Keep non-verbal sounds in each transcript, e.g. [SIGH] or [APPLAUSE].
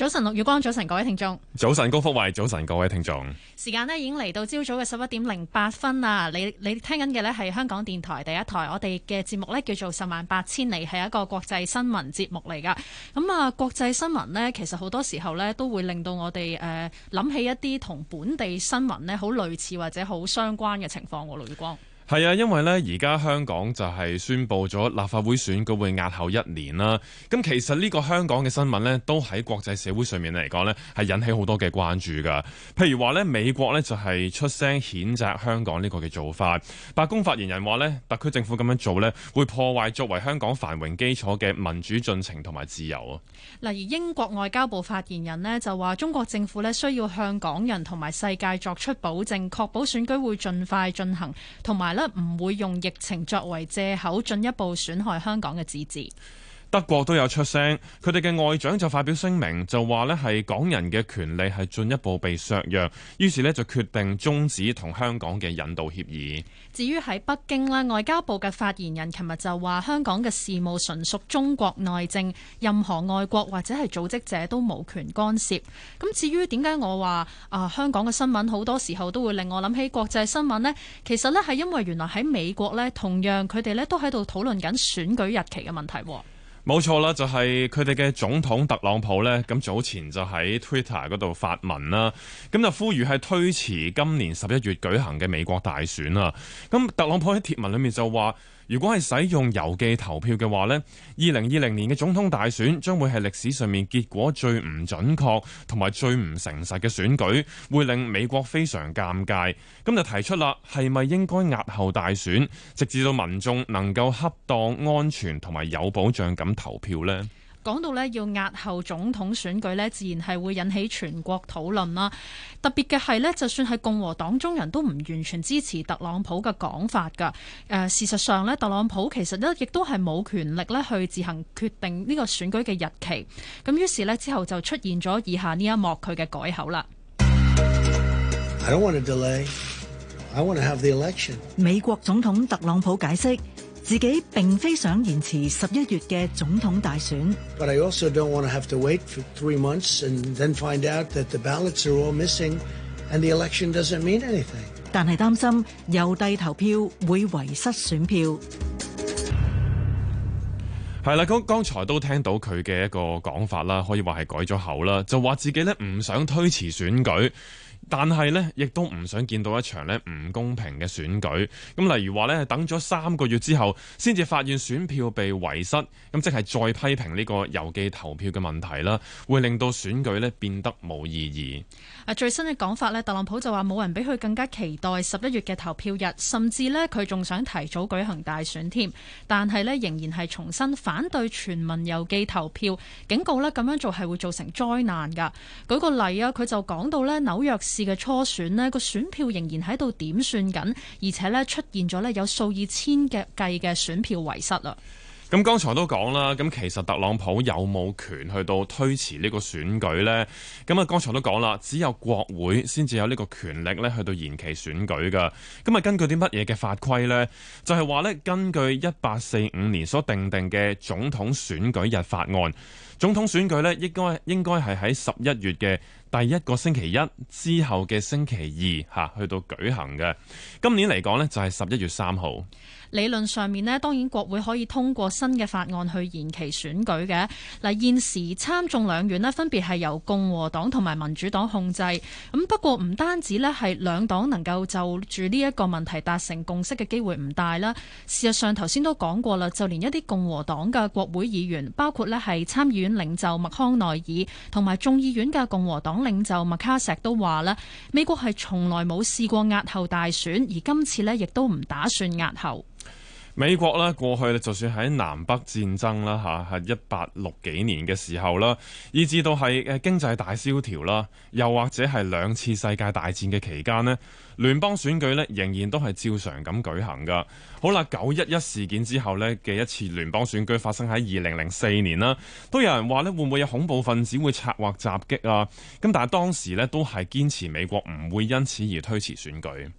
早晨，陸宇光，早晨各位聽眾。早晨，高福慧，早晨各位聽眾。時間咧已經嚟到朝早嘅十一點零八分啦。你你聽緊嘅咧係香港電台第一台，我哋嘅節目咧叫做十萬八千里，係一個國際新聞節目嚟㗎。咁、嗯、啊，國際新聞呢，其實好多時候咧都會令到我哋誒諗起一啲同本地新聞咧好類似或者好相關嘅情況，啊。陸宇光。係啊，因為呢而家香港就係宣布咗立法會選舉會押後一年啦。咁其實呢個香港嘅新聞呢，都喺國際社會上面嚟講呢，係引起好多嘅關注㗎。譬如話呢，美國呢就係出聲譴責香港呢個嘅做法。白宮發言人話呢，特區政府咁樣做呢，會破壞作為香港繁榮基礎嘅民主進程同埋自由啊。嗱，而英國外交部發言人呢，就話，中國政府呢，需要向港人同埋世界作出保證，確保選舉會盡快進行，同埋呢，唔會用疫情作為借口，進一步損害香港嘅自治。德國都有出聲，佢哋嘅外長就發表聲明，就話咧係港人嘅權利係進一步被削弱，於是咧就決定終止同香港嘅引渡協議。至於喺北京咧，外交部嘅發言人琴日就話，香港嘅事務純屬中國內政，任何外國或者係組織者都無權干涉。咁至於點解我話啊，香港嘅新聞好多時候都會令我諗起國際新聞呢？其實呢，係因為原來喺美國咧，同樣佢哋咧都喺度討論緊選舉日期嘅問題。冇錯啦，就係佢哋嘅總統特朗普呢。咁早前就喺 Twitter 嗰度發文啦，咁就呼籲係推遲今年十一月舉行嘅美國大選啦。咁特朗普喺貼文裏面就話，如果係使用郵寄投票嘅話，呢二零二零年嘅總統大選將會係歷史上面結果最唔準確同埋最唔誠實嘅選舉，會令美國非常尷尬。咁就提出啦，係咪應該押後大選，直至到民眾能夠恰當、安全同埋有保障咁投票呢？講到咧要押後總統選舉咧，自然係會引起全國討論啦。特別嘅係咧，就算係共和黨中人都唔完全支持特朗普嘅講法㗎。誒、呃，事實上咧，特朗普其實咧亦都係冇權力咧，去自行決定呢個選舉嘅日期。咁於是咧之後就出現咗以下呢一幕佢嘅改口啦。美國總統特朗普解釋自己並非想延遲十一月嘅總統大選，但係擔心郵遞投票會遺失選票。係啦，剛剛才都聽到佢嘅一個講法啦，可以話係改咗口啦，就話自己咧唔想推遲選舉。但係呢，亦都唔想見到一場呢唔公平嘅選舉。咁例如話呢，等咗三個月之後，先至發現選票被遺失，咁即係再批評呢個郵寄投票嘅問題啦，會令到選舉呢變得冇意義。啊，最新嘅講法呢，特朗普就話冇人比佢更加期待十一月嘅投票日，甚至呢，佢仲想提早舉行大選添。但係呢，仍然係重新反對全民郵寄投票，警告呢，咁樣做係會造成災難噶。舉個例啊，佢就講到呢，紐約，嘅初選呢個選票仍然喺度點算緊，而且咧，出現咗咧，有數以千嘅計嘅選票遺失啦。咁剛才都講啦，咁其實特朗普有冇權去到推遲呢個選舉呢？咁啊，剛才都講啦，只有國會先至有呢個權力咧，去到延期選舉㗎。咁啊，根據啲乜嘢嘅法規呢？就係話咧，根據一八四五年所訂定嘅總統選舉日法案。總統選舉呢，應該應該係喺十一月嘅第一個星期一之後嘅星期二嚇，去到舉行嘅。今年嚟講呢就係十一月三號。理論上面呢，當然國會可以通過新嘅法案去延期選舉嘅。嗱，現時參眾兩院呢，分別係由共和黨同埋民主黨控制。咁不過唔單止呢，係兩黨能夠就住呢一個問題達成共識嘅機會唔大啦。事實上，頭先都講過啦，就連一啲共和黨嘅國會議員，包括呢係參議院領袖麥康奈爾同埋眾議院嘅共和黨領袖麥卡錫都話啦，美國係從來冇試過押後大選，而今次呢亦都唔打算押後。美國咧過去就算喺南北戰爭啦嚇，係一八六幾年嘅時候啦，以至到係誒經濟大蕭條啦，又或者係兩次世界大戰嘅期間呢，聯邦選舉呢仍然都係照常咁舉行噶。好啦，九一一事件之後呢嘅一次聯邦選舉發生喺二零零四年啦，都有人話咧會唔會有恐怖分子會策劃襲擊啊？咁但係當時呢都係堅持美國唔會因此而推遲選舉。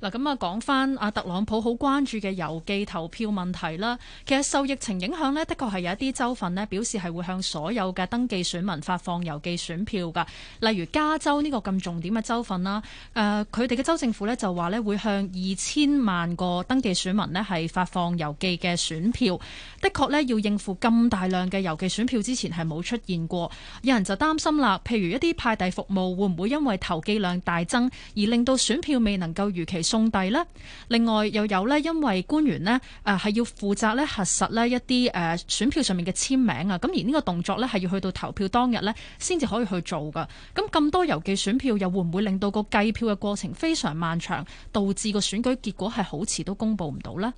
嗱咁啊，講返阿特朗普好關注嘅郵寄投票問題啦。其實受疫情影響呢，的確係有一啲州份呢表示係會向所有嘅登記選民發放郵寄選票㗎。例如加州呢個咁重點嘅州份啦，誒佢哋嘅州政府呢就話呢會向二千萬個登記選民呢係發放郵寄嘅選票。的確呢要應付咁大量嘅郵寄選票之前係冇出現過，有人就擔心啦。譬如一啲派遞服務會唔會因為投寄量大增而令到選票未能夠如期。送遞啦。另外又有咧，因為官員呢誒係、呃、要負責咧核實咧一啲誒、呃、選票上面嘅簽名啊，咁而呢個動作咧係要去到投票當日咧先至可以去做噶，咁咁多郵寄選票又會唔會令到個計票嘅過程非常漫長，導致個選舉結果係好遲都公布唔到呢？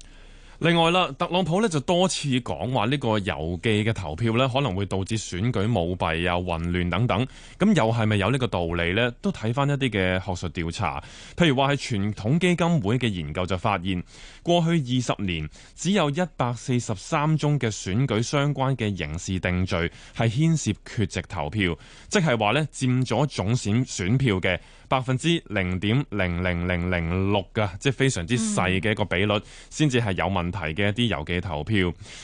另外啦，特朗普咧就多次講話呢個郵寄嘅投票咧可能會導致選舉舞弊啊、混亂等等，咁又係咪有呢個道理呢？都睇翻一啲嘅學術調查，譬如話係傳統基金會嘅研究就發現，過去二十年只有一百四十三宗嘅選舉相關嘅刑事定罪係牽涉缺席投票，即係話咧佔咗總選選票嘅百分之零點零零零零六噶，6，即係非常之細嘅一個比率，先至係有問題嘅一啲郵寄投票。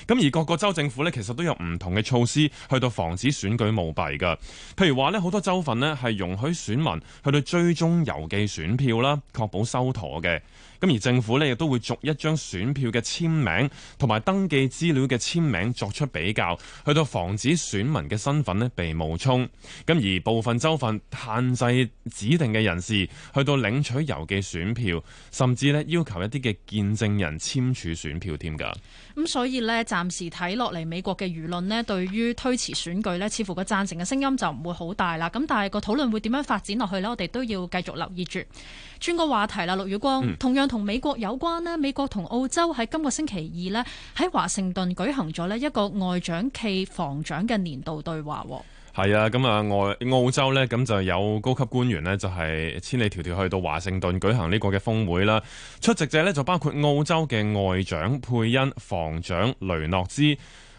咁而各個州政府呢，其實都有唔同嘅措施去到防止選舉舞弊嘅。譬如話呢，好多州份呢係容許選民去到追蹤郵寄選票啦，確保收妥嘅。咁而政府呢，亦都會逐一張選票嘅簽名同埋登記資料嘅簽名作出比較，去到防止選民嘅身份呢被冒充。咁而部分州份限制指定嘅人士去到領取郵寄選票，甚至呢要求一啲嘅見證人簽署選票添㗎。咁、嗯、所以呢，暫時睇落嚟，美國嘅輿論呢，對於推遲選舉呢，似乎個贊成嘅聲音就唔會好大啦。咁但係個討論會點樣發展落去呢？我哋都要繼續留意住。轉個話題啦，陸宇光，嗯、同樣同美國有關呢。美國同澳洲喺今個星期二呢喺華盛頓舉行咗呢一個外長暨防長嘅年度對話。係啊、嗯，咁啊，澳澳洲呢，咁就有高級官員呢，就係千里迢迢去到華盛頓舉行呢個嘅峰會啦。出席者呢，就包括澳洲嘅外長佩恩、防長雷諾茲。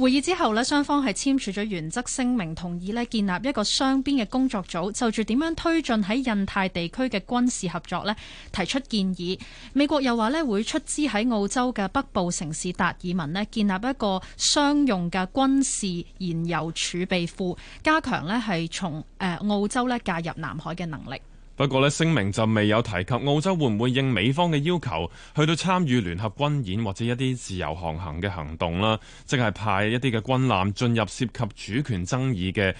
會議之後咧，雙方係簽署咗原則聲明，同意咧建立一個雙邊嘅工作組，就住點樣推進喺印太地區嘅軍事合作咧提出建議。美國又話咧會出資喺澳洲嘅北部城市達爾文咧建立一個商用嘅軍事燃油儲備庫，加強咧係從誒澳洲咧介入南海嘅能力。不過呢聲明就未有提及澳洲會唔會應美方嘅要求去到參與聯合軍演或者一啲自由航行嘅行動啦，即係派一啲嘅軍艦進入涉及主權爭議嘅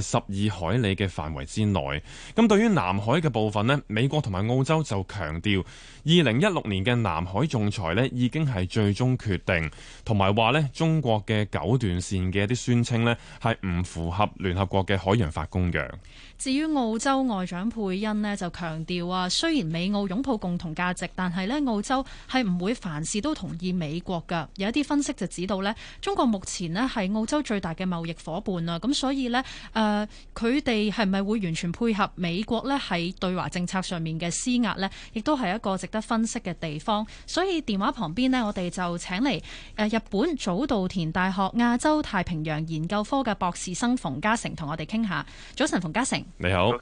誒十二海里嘅範圍之內。咁對於南海嘅部分呢，美國同埋澳洲就強調，二零一六年嘅南海仲裁呢，已經係最終決定，同埋話呢中國嘅九段線嘅一啲宣稱呢，係唔符合聯合國嘅海洋法公約。至於澳洲外長佩恩呢，就強調啊，雖然美澳擁抱共同價值，但係呢澳洲係唔會凡事都同意美國噶，有一啲分析就指到呢中國目前呢係澳洲最大嘅貿易夥伴啊，咁所以呢，誒佢哋係咪會完全配合美國呢喺對華政策上面嘅施壓呢，亦都係一個。直。得分析嘅地方，所以電話旁邊咧，我哋就請嚟誒、呃、日本早稻田大學亞洲太平洋研究科嘅博士生馮嘉誠同我哋傾下。早晨，馮嘉誠你好。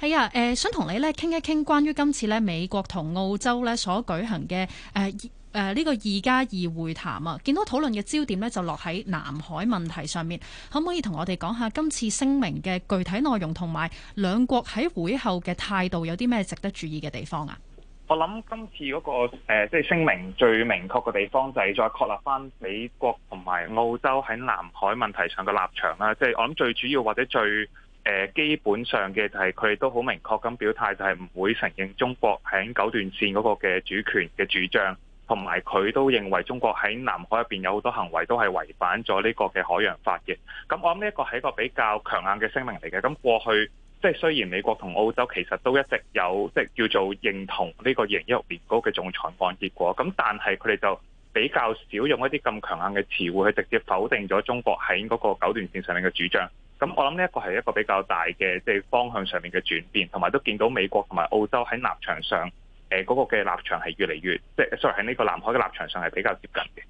係啊，誒、呃，想同你咧傾一傾關於今次咧美國同澳洲咧所舉行嘅誒誒呢個二加二會談啊。見到討論嘅焦點咧就落喺南海問題上面，可唔可以同我哋講下今次聲明嘅具體內容，同埋兩國喺會後嘅態度有啲咩值得注意嘅地方啊？我諗今次嗰、那個即係、呃就是、聲明最明確嘅地方就係再確立翻美國同埋澳洲喺南海問題上嘅立場啦。即、就、係、是、我諗最主要或者最誒、呃、基本上嘅就係佢都好明確咁表態，就係唔會承認中國喺九段線嗰個嘅主權嘅主張，同埋佢都認為中國喺南海入邊有好多行為都係違反咗呢個嘅海洋法嘅。咁我諗呢一個係一個比較強硬嘅聲明嚟嘅。咁過去。即係雖然美國同澳洲其實都一直有即係叫做認同呢個二零一六年嗰個仲裁案結果，咁但係佢哋就比較少用一啲咁強硬嘅詞彙去直接否定咗中國喺嗰個九段線上面嘅主張。咁、嗯、我諗呢一個係一個比較大嘅即係方向上面嘅轉變，同埋都見到美國同埋澳洲喺、呃那個、立，立場上誒嗰個嘅立場係越嚟越，即係 sorry 喺呢個南海嘅立場上係比較接近嘅。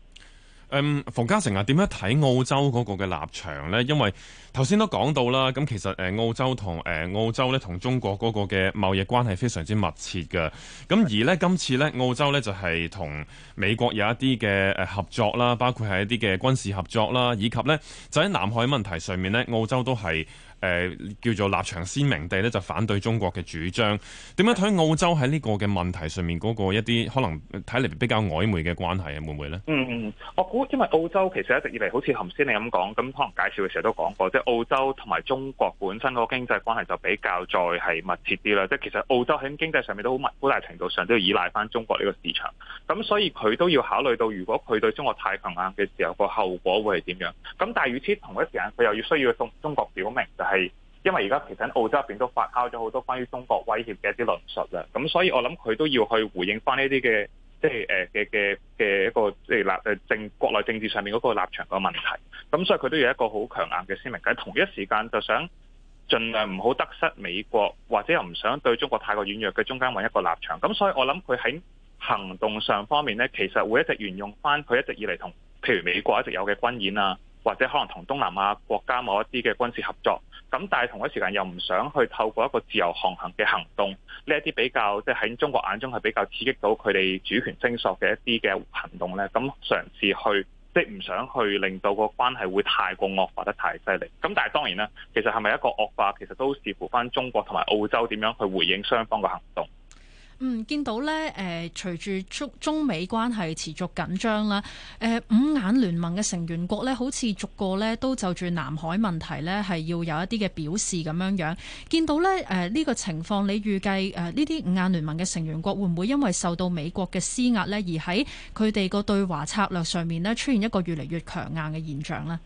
誒馮、um, 嘉誠啊，點樣睇澳洲嗰個嘅立場呢？因為頭先都講到啦，咁其實誒澳洲同誒、呃、澳洲咧同中國嗰個嘅貿易關係非常之密切嘅，咁而呢，今次咧澳洲呢，就係、是、同美國有一啲嘅誒合作啦，包括係一啲嘅軍事合作啦，以及呢，就喺南海問題上面呢，澳洲都係。誒，叫做立場鮮明地咧，就反對中國嘅主張。點樣睇澳洲喺呢個嘅問題上面嗰、嗰個一啲可能睇嚟比較曖昧嘅關係啊？會唔會呢？嗯，我估因為澳洲其實一直以嚟好似頭先你咁講，咁可能介紹嘅時候都講過，即係澳洲同埋中國本身嗰個經濟關係就比較再係密切啲啦。即係其實澳洲喺經濟上面都好，好大程度上都要依賴翻中國呢個市場。咁所以佢都要考慮到，如果佢對中國太強硬嘅時候，嗰個後果會係點樣？咁但係與此同一時間，佢又要需要中中國表明就係、是。係，因為而家其實澳洲入邊都發酵咗好多關於中國威脅嘅一啲論述啦，咁所以我諗佢都要去回應翻呢啲嘅，即係誒嘅嘅嘅一個即係立誒政國內政治上面嗰個立場個問題，咁所以佢都有一個好強硬嘅聲明，喺同一時間就想盡量唔好得失美國，或者又唔想對中國太過軟弱，佢中間搵一個立場，咁所以我諗佢喺行動上方面呢，其實會一直沿用翻佢一直以嚟，同譬如美國一直有嘅軍演啊。或者可能同東南亞國家某一啲嘅軍事合作，咁但係同一時間又唔想去透過一個自由航行嘅行動，呢一啲比較即係喺中國眼中係比較刺激到佢哋主權聲索嘅一啲嘅行動呢，咁嘗試去即係唔想去令到個關係會太過惡化得太犀利。咁但係當然啦，其實係咪一個惡化，其實都視乎翻中國同埋澳洲點樣去回應雙方嘅行動。嗯，見到咧，誒、呃，隨住中中美關係持續緊張啦，誒、呃，五眼聯盟嘅成員國咧，好似逐個咧都就住南海問題咧，係要有一啲嘅表示咁樣樣。見到咧，誒、呃，呢、這個情況，你預計誒呢啲五眼聯盟嘅成員國會唔會因為受到美國嘅施壓咧，而喺佢哋個對華策略上面咧，出現一個越嚟越強硬嘅現象呢？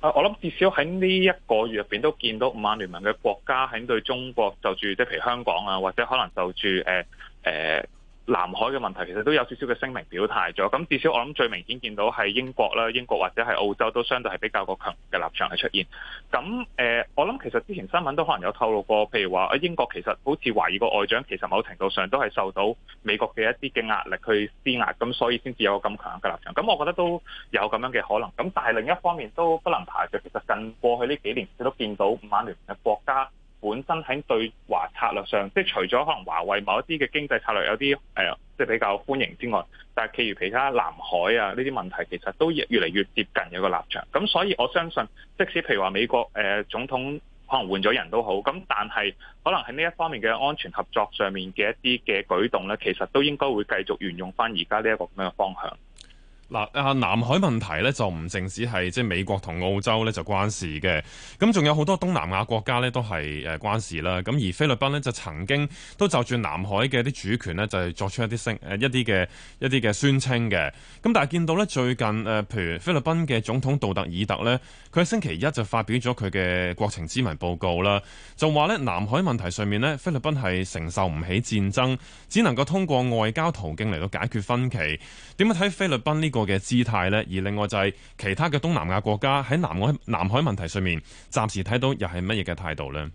啊，我諗至少喺呢一個月入邊都見到五眼聯盟嘅國家喺對中國就住，即係譬如香港啊，或者可能就住誒，呃誒南海嘅問題其實都有少少嘅聲明表態咗，咁至少我諗最明顯見到係英國啦，英國或者係澳洲都相對係比較個強嘅立場係出現。咁誒，我諗其實之前新聞都可能有透露過，譬如話喺英國其實好似懷疑個外長其實某程度上都係受到美國嘅一啲嘅壓力去施壓，咁所以先至有咁強嘅立場。咁我覺得都有咁樣嘅可能。咁但係另一方面都不能排除，其實近過去呢幾年亦都見到馬來西亞國家。本身喺對華策略上，即係除咗可能華為某一啲嘅經濟策略有啲誒、呃、即係比較歡迎之外，但係譬如其他南海啊呢啲問題其實都越嚟越接近有個立場，咁所以我相信，即使譬如話美國誒、呃、總統可能換咗人都好，咁但係可能喺呢一方面嘅安全合作上面嘅一啲嘅舉動咧，其實都應該會繼續沿用翻而家呢一個咁樣嘅方向。嗱啊，南海問題咧就唔淨止係即係美國同澳洲咧就關事嘅，咁仲有好多東南亞國家咧都係誒關事啦。咁而菲律賓咧就曾經都就住南海嘅啲主權咧就係作出一啲聲誒一啲嘅一啲嘅宣稱嘅。咁但係見到咧最近誒，譬如菲律賓嘅總統杜特爾特咧，佢喺星期一就發表咗佢嘅國情咨文報告啦，就話咧南海問題上面咧菲律賓係承受唔起戰爭，只能夠通過外交途徑嚟到解決分歧。點樣睇菲律賓呢個個嘅姿態呢，而另外就係其他嘅東南亞國家喺南海南海問題上面，暫時睇到又係乜嘢嘅態度呢？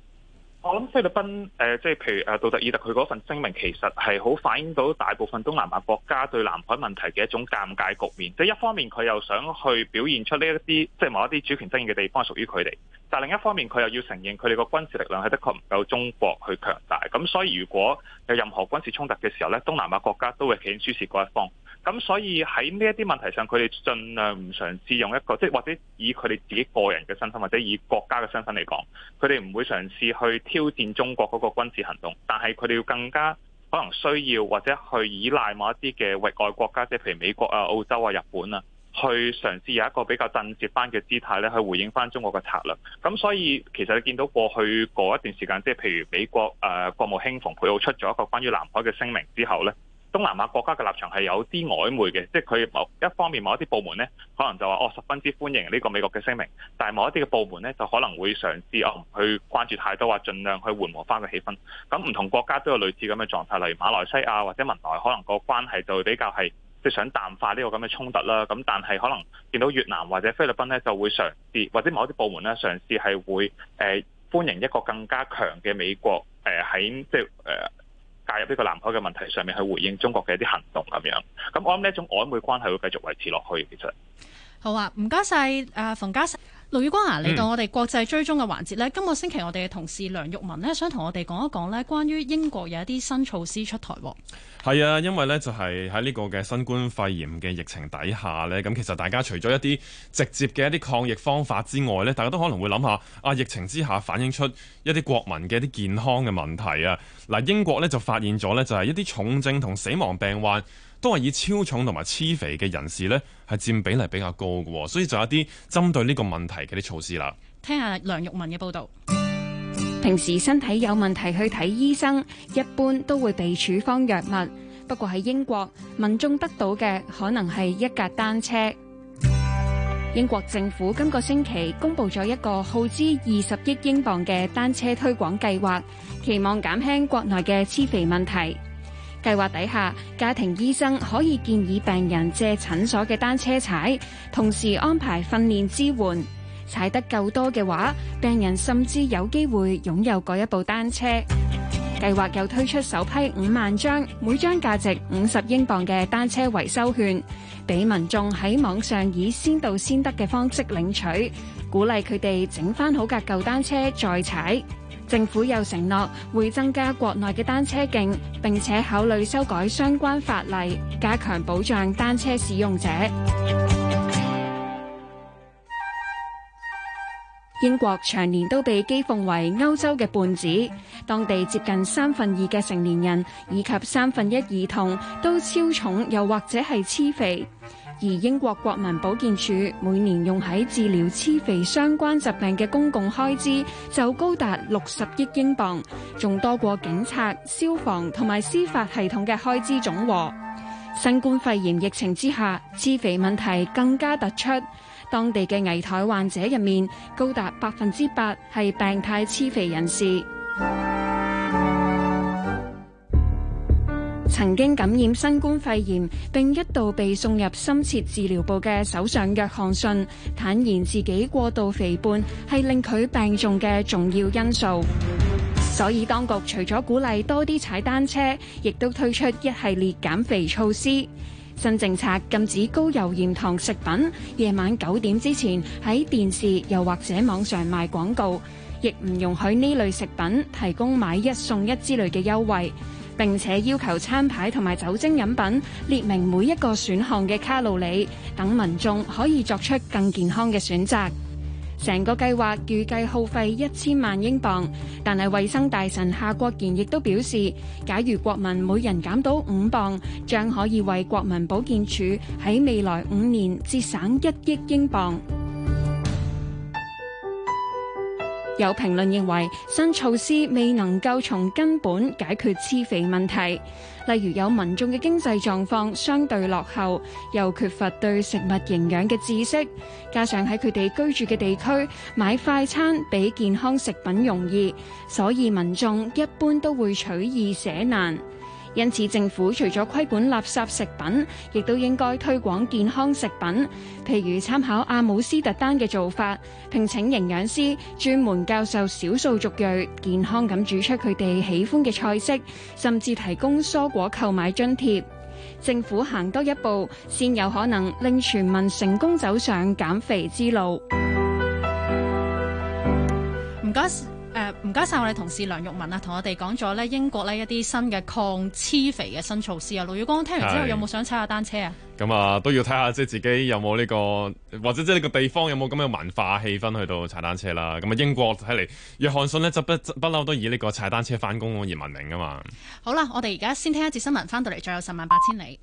我諗菲律賓誒、呃，即係譬如誒杜特爾特佢嗰份聲明，其實係好反映到大部分東南亞國家對南海問題嘅一種尷尬局面。即係一方面佢又想去表現出呢一啲即係某一啲主權爭議嘅地方係屬於佢哋，但另一方面佢又要承認佢哋個軍事力量係的確唔夠中國去強大。咁所以如果有任何軍事衝突嘅時候呢，東南亞國家都會企喺輸蝕嗰一方。咁所以喺呢一啲問題上，佢哋盡量唔嘗試用一個即係或者以佢哋自己個人嘅身份，或者以國家嘅身份嚟講，佢哋唔會嘗試去挑戰中國嗰個軍事行動。但係，佢哋要更加可能需要或者去依賴某一啲嘅域外國家，即係譬如美國啊、澳洲啊、日本啊，去嘗試有一個比較震懾翻嘅姿態咧，去回應翻中國嘅策略。咁所以其實你見到過去嗰一段時間，即係譬如美國誒、呃、國務卿蓬佩奧出咗一個關於南海嘅聲明之後咧。東南亞國家嘅立場係有啲曖昧嘅，即係佢某一方面某一啲部門呢可能就話哦十分之歡迎呢個美國嘅聲明，但係某一啲嘅部門呢就可能會嘗試哦去關注太多話，話盡量去緩和翻個氣氛。咁唔同國家都有類似咁嘅狀態，例如馬來西亞或者文萊，可能個關係就會比較係即係想淡化呢個咁嘅衝突啦。咁但係可能見到越南或者菲律賓呢就會嘗試或者某一啲部門呢嘗試係會誒、呃、歡迎一個更加強嘅美國誒喺、呃、即係誒。呃介入呢個南海嘅問題上面，去回應中國嘅一啲行動咁樣，咁我諗呢一種曖昧關係會繼續維持落去。其實好啊，唔該晒，誒、呃，馮嘉誠。盧宇光啊，嚟到我哋國際追蹤嘅環節咧，今個星期我哋嘅同事梁鈺雯呢，想同我哋講一講咧，關於英國有一啲新措施出台。係啊，因為咧就係喺呢個嘅新冠肺炎嘅疫情底下咧，咁其實大家除咗一啲直接嘅一啲抗疫方法之外咧，大家都可能會諗下啊，疫情之下反映出一啲國民嘅一啲健康嘅問題啊。嗱，英國咧就發現咗咧，就係一啲重症同死亡病患，都係以超重同埋黐肥嘅人士咧，係佔比例比較高嘅，所以就有啲針對呢個問題嘅啲措施啦。聽下梁鈺雯嘅報道。平時身體有問題去睇醫生，一般都會被處方藥物。不過喺英國，民眾得到嘅可能係一架單車。英國政府今個星期公布咗一個耗資二十億英鎊嘅單車推廣計劃，期望減輕國內嘅黐肥問題。計劃底下，家庭醫生可以建議病人借診所嘅單車踩，同時安排訓練支援。踩得夠多嘅話，病人甚至有機會擁有嗰一部單車。計劃又推出首批五萬張、每張價值五十英鎊嘅單車維修券，俾民眾喺網上以先到先得嘅方式領取，鼓勵佢哋整翻好架舊單車再踩。政府又承諾會增加國內嘅單車徑，並且考慮修改相關法例，加強保障單車使用者。 [NOISE] 英國長年都被譏諷為歐洲嘅胖子，當地接近三分二嘅成年人以及三分一兒童都超重，又或者係癡肥。而英國國民保健署每年用喺治療黐肥相關疾病嘅公共開支就高達六十億英鎊，仲多過警察、消防同埋司法系統嘅開支總和。新冠肺炎疫情之下，黐肥問題更加突出，當地嘅危殆患者入面，高達百分之八係病態黐肥人士。曾經感染新冠肺炎並一度被送入深切治療部嘅首相約翰遜坦言自己過度肥胖係令佢病重嘅重要因素。所以當局除咗鼓勵多啲踩單車，亦都推出一系列減肥措施。新政策禁止高油鹽糖食品，夜晚九點之前喺電視又或者網上賣廣告，亦唔容許呢類食品提供買一送一之類嘅優惠。並且要求餐牌同埋酒精飲品列明每一個選項嘅卡路里，等民眾可以作出更健康嘅選擇。成個計劃預計耗費一千萬英鎊，但係衞生大臣夏國賢亦都表示，假如國民每人減到五磅，將可以為國民保健署喺未來五年節省一億英鎊。有評論認為，新措施未能夠從根本解決癡肥問題。例如，有民眾嘅經濟狀況相對落後，又缺乏對食物營養嘅知識，加上喺佢哋居住嘅地區買快餐比健康食品容易，所以民眾一般都會取易捨難。因此，政府除咗規管垃圾食品，亦都應該推廣健康食品，譬如參考阿姆斯特丹嘅做法，聘請營養師，專門教授少數族裔健康咁煮出佢哋喜歡嘅菜式，甚至提供蔬果購買津貼，政府行多一步，先有可能令全民成功走上減肥之路。唔該。誒，唔該晒，我哋同事梁鈺雯啊，同我哋講咗咧英國呢一啲新嘅抗癡肥嘅新措施啊，盧宇光聽完之後是有冇想踩下單車啊？咁啊，都要睇下即係自己有冇呢個，或者即係呢個地方有冇咁嘅文化氣氛去到踩單車啦。咁啊，英國睇嚟，約翰遜呢，就不不嬲都以呢個踩單車翻工而聞名噶嘛。好啦，我哋而家先聽一節新聞，翻到嚟再有十萬八千里。